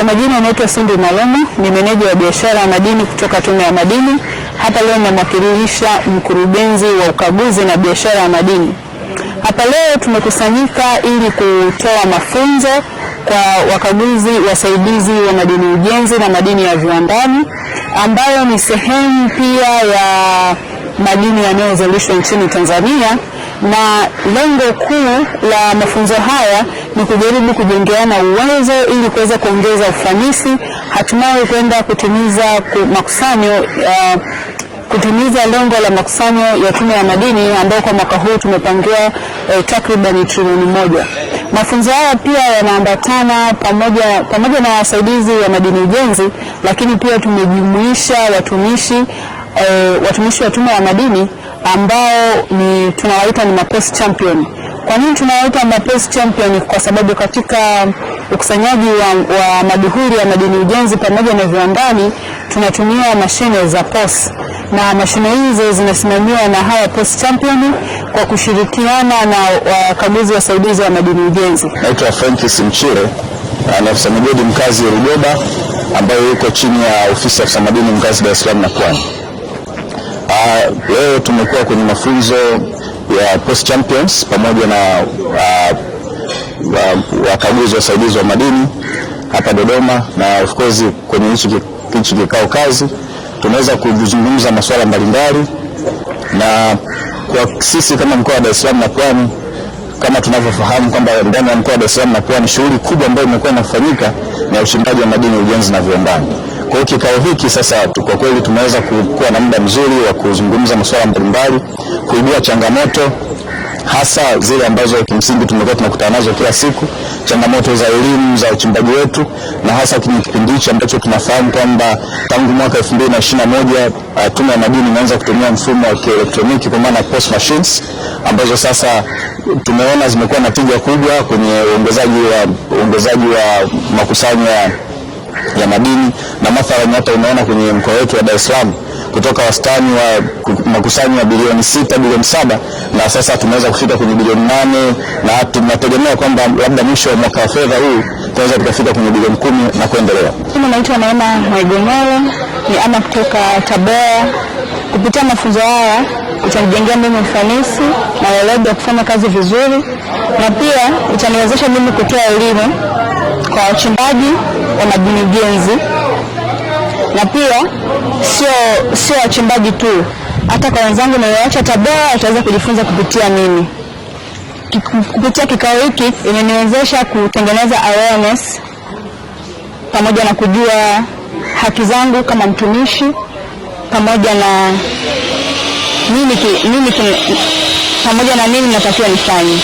Kwa majina anaitwa Sindi Malomo, ni meneja wa biashara ya madini kutoka Tume ya Madini. Hapa leo namwakilisha mkurugenzi wa ukaguzi na biashara ya madini. Hapa leo tumekusanyika ili kutoa mafunzo kwa wakaguzi wasaidizi wa madini ujenzi na madini ya viwandani ambayo ni sehemu pia ya madini yanayozalishwa nchini Tanzania, na lengo kuu la mafunzo haya ni kujaribu kujengeana uwezo ili kuweza kuongeza ufanisi, hatimaye kwenda kutimiza makusanyo uh, kutimiza lengo la makusanyo ya Tume ya Madini ambayo kwa mwaka huu tumepangiwa eh, takribani trilioni moja. Mafunzo haya pia yanaambatana pamoja, pamoja na wasaidizi wa madini ujenzi, lakini pia tumejumuisha watumishi eh, watumishi wa Tume ya Madini ambao ni tunawaita ni mapost champion kwa nini tunawaita Mapesi Champion? Kwa sababu katika ukusanyaji wa, wa maduhuli ya madini ujenzi pamoja na viwandani tunatumia mashine za POS na mashine hizo zinasimamiwa na hawa POS Champion kwa kushirikiana na wakaguzi wasaidizi wa madini ujenzi. Naitwa Francis Mchire na afisa migodi mkazi rugoba ambayo yuko chini ya ofisi ya afisa madini mkazi Dar es Salaam na Pwani. Ah, leo tumekuwa kwenye mafunzo ya Post Champions pamoja na ah, wakaguzi wa wasaidizi wa madini hapa Dodoma, na of course kwenye hichi kikao kazi tunaweza kuzungumza masuala mbalimbali, na kwa sisi kama mkoa wa Dar es Salaam na Pwani, kama tunavyofahamu kwamba ndani ya mkoa wa Dar es Salaam na Pwani shughuli kubwa ambayo imekuwa inafanyika ni ya uchimbaji wa madini, ujenzi na viwandani. Kwa hiyo kikao hiki sasa kwa kweli tumeweza kuwa na muda mzuri wa kuzungumza masuala mbalimbali, kuibua changamoto hasa zile ambazo kimsingi tumekuwa tunakutana nazo kila siku, changamoto za elimu za uchimbaji wetu, na hasa kwenye kipindi hichi ambacho tunafahamu kwamba tangu mwaka 2021 uh, Tume ya Madini imeanza kutumia mfumo wa kielektroniki kwa maana POS machines ambazo sasa tumeona zimekuwa na tija kubwa kwenye uongezaji wa uongezaji wa makusanyo ya ya madini, na mathalani hata unaona kwenye mkoa wetu wa Dar es Salaam kutoka wastani wa makusanyo ya bilioni sita bilioni saba na sasa tumeweza kufika kwenye bilioni nane na tunategemea kwamba labda mwisho wa mwaka wa fedha huu tunaweza tukafika kwenye bilioni kumi na kuendelea. Naitwa Neema Mwaigomelo, ni ana kutoka Tabora. Kupitia mafunzo haya itanijengea mimi ufanisi na weledi wa kufanya kazi vizuri, na pia itaniwezesha mimi kutoa elimu kwa wachimbaji wa madini genzi, na pia sio sio wachimbaji tu, hata kwa wenzangu nilioacha Tabora wataweza kujifunza kupitia mimi. Kupitia kikao hiki imeniwezesha kutengeneza awareness pamoja na kujua haki zangu kama mtumishi pamoja na nini, nini, pamoja na nini natakiwa nifanye.